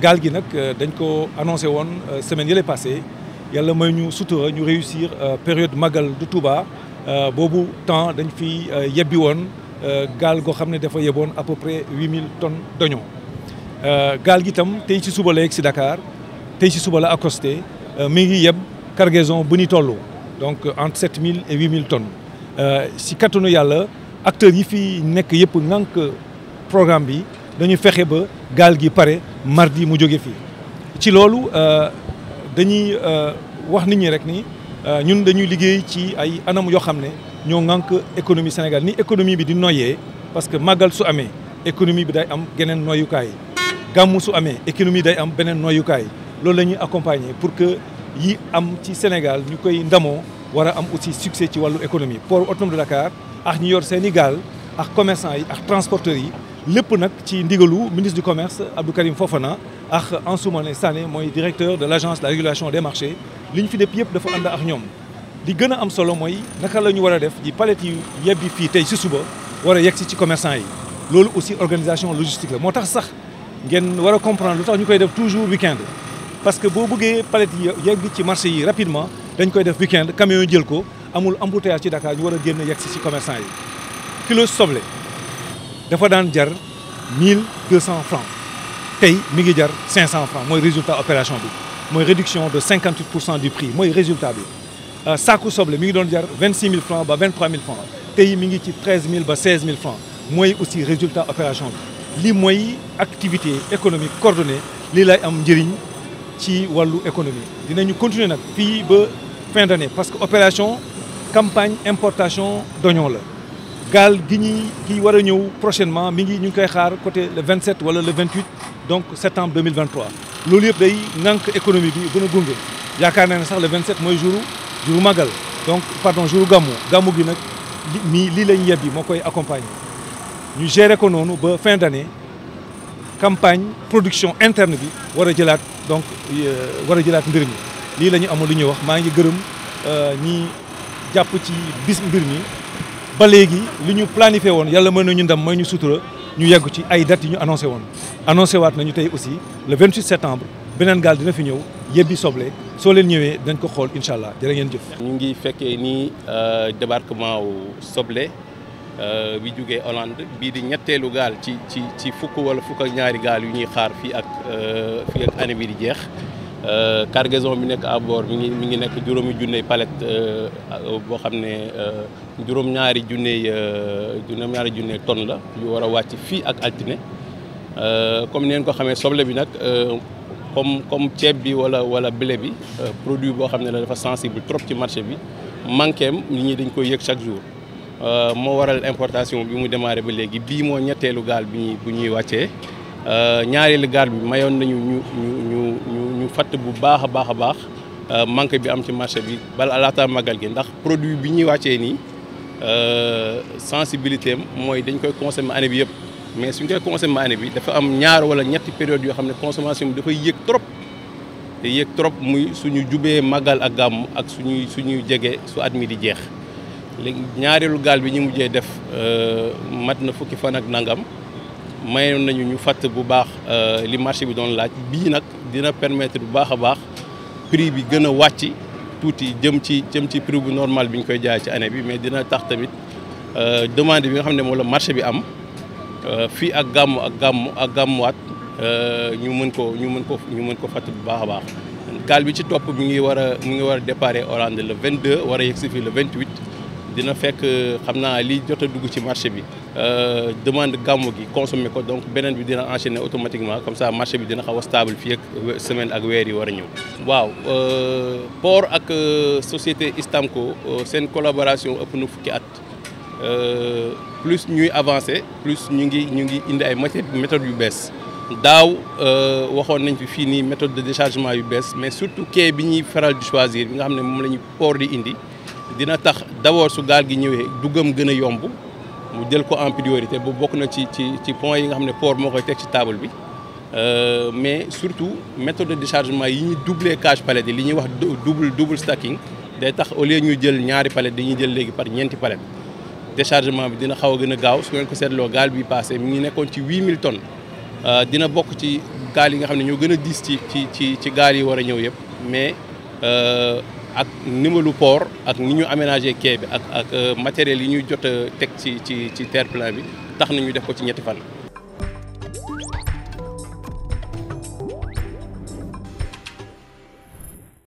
gaal gi nag euh, dañ ko annoncé woon euh, semaine yële passé yàlla mooy ñu sutura ñu réussir euh, période magal du Touba boobu temps dañ fi yebbi woon gaal goo xam ne dafa yeboon à peu près huit mille tonnes d'oignons gaal gi tam tey ci suba la yegg si Dakar tey ci suba la accosté mi ngi yeb cargaison bu ñu toll donc entre sept mille et huit mille tonnes si kattanu yàlla acteurs yi fi nekk yëpp ngànk programme bi dañuy fexe ba gaal gi pare mardi mu jóge fi ci loolu euh, dañuy euh, wax nit ñi rek ni euh, ñun dañuy liggéey ci ay anam yoo xam ne ñoo ngànk économie Sénégal ni économie bi di noyee parce que màggal su amee économie bi day am geneen noyukaay gàmmu su amee économie day am beneen noyukaay loolu la ñuy accompagner pour que yi am ci Sénégal ñu koy ndamoo war a am aussi succès ci wàllu économie port autonome de Dakar ak ñi yor seen i gaal ak commerçant yi ak transporteurs yi lépp nag ci ndigalu ministre du commerce Abdou Karim Fofana ak Ansoumana Sané mooy directeur de l' agence de la régulation des marchés li ñu fi def yëpp dafa ànd ak ñoom. li gën a am solo mooy naka la ñu war a def di palette yu yebbi fii tey si suba war a yegsi ci commerçant yi loolu aussi organisation logistique la moo tax sax ngeen war a comprendre lu tax ñu koy def toujours week parce que boo bëggee palette yegg ci marché yi rapidement dañ koy def week-end camion yi jël ko. amul embouteillage ci Dakar ñu war a génn yegg si ci commerçant yi kilo soble dafa daan jar mille deux cent francs tey mi ngi jar cinq cent francs mooy résultat opération bi mooy réduction de cinquante pour cent du prix mooy résultat bi euh, saaku soble mi ngi doon jar vingt six mille francs ba vingt trois mille francs tey mi ngi ci treize mille ba seize mille francs mooy aussi résultat opération bi li mooy activité économique coordonnée lii lay am njëriñ ci wàllu économie dinañu continuer nag fii ba fin d'année parce que opération campagne importation d'oignon la gaal gi ñuy ki war a ñëw prochainement mi ngi ñu ngi koy xaar côté le 27 wala le 28 donc septembre 2023 loolu yëpp day ŋànk économie bi gën a gunge yaakaar naa ne sax le 27 mooy jour jour magal donc pardon jour gàmmu gàmmu gi nag mii lii lañ yebbi moo koy accompagner ñu gérer ko noonu ba fin d'année campagne production interne bi war a jëlaat donc euh, war a jëlaat mbir mi lii la ñu amoon lu ñuy wax maa ngi gërëm euh, ñi jàpp ci bis mbir mi ba léegi li ñu planifié woon yàlla mën na ñu ndam mooy ñu sutura ñu yegg ci ay dat yi ñu annoncé woon annoncé waat nañu tey aussi le 28 septembre beneen gaal dina fi ñëw yebbi soble soo leen ñëwee dañ ko xool incha allah jërë ngeen jëf. ñu ngi fekkee ni euh, débarquement wu soble euh, bi jógee Hollande bii di ñetteelu gaal ci ci ci fukk wala fukk ak ñaari gaal yu ñuy xaar fii ak euh, fii ak année di jeex. Euh, cargaison bi nekk à bord mi ngi mi ngi nekk juróomi junney palette euh, boo xam ne euh, juróom-ñaari junney juróom-ñaari junney tonne la yu war a wàcc fii ak altine comme neen ko xamee soble bi nag comme comme ceeb bi wala wala blé bi produit boo xam ne la dafa sensible trop ci marché bi manqué am nit ñi dañ koy yëg chaque jour moo waral importation bi mu démarré ba léegi bii moo ñetteelu gaal bi ñuy bu ñuy wàccee ñaareelu gaal bi mayoon nañu ñu fàtte bu baax a baax a baax euh, manque bi am ci marché bi bala laata màggal gi ndax produit bi ñuy wàccee nii euh, sensibilité am mooy dañ koy consommer année bi yëpp mais suñ koy consommer année bi dafa am ñaar wala ñetti période yoo ne consommation bi dafay yéeg trop te trop muy suñu jubee màggal ak gàmm ak suñuy suñuy jege su at mi di jeex léegi ñaareelu gaal bi ñu mujjee def euh, mat na fukki fan ak nangam mayoon nañu ñu fàtt bu baax euh, li marché bi doon laaj bii nag dina permettre bu baax a baax prix bi gën a wàcc tuuti jëm ci jëm ci prix bu normal bi ñu koy jaay ci année bi mais dina tax tamit euh, demande bi nga xam ne moom la marché bi am euh, fii ak gàmm ak gàmm ak gàmmuwaat ñu mën ko ñu mën ko ñu mën ko fàtt bu baax a baax gaal bi ci topp mi ngi war a mi ngi war a départ Hollande le 22 war a yegg si fii le dina fekk xam naa li jot a dugg ci marché bi euh, demande gàmmu gi consommé ko donc beneen bi dina enchaîner automatiquement comme ça marché bi dina xaw a stable fii semaine ak weer yi war a ñëw. waaw euh, port ak euh, société Istamco seen collaboration ëpp na fukki at plus ñuy avancé plus ñu ngi ñu ngi indi ay méthodes yu bees. daaw waxoon nañ fi fii nii méthode de déchargement yu bees mais surtout quai bi ñuy faral di choisir bi nga xam ne moom la ñu port di indi. dina tax d'abord su gaal gi ñëwee duggam gën a yomb mu jël ko en priorité bu bokk na ci ci ci point yi nga xam ne port moo koy teg ci table bi euh, mais surtout méthode de déchargement yi ñuy doublé cage palette yi li ñuy wax double double stacking day tax au lieu ñu jël ñaari palette dañuy jël léegi par ñeenti palette déchargement bi dina xaw a gën a gaaw su ngeen ko seetloo gaal bi passé mi ngi nekkoon ci 8000 tonnes euh, dina bokk ci gaal yi nga xam ne ñoo gën a diis ci ci ci ci gaal yi war a ñëw yëpp mais euh, ak nimalu port ak ni ñu aménagé quai bi ak ak euh, matériels yi ñuy jot teg ci ci ci terre-plein bi tax na ñu def ko ci ñetti fan.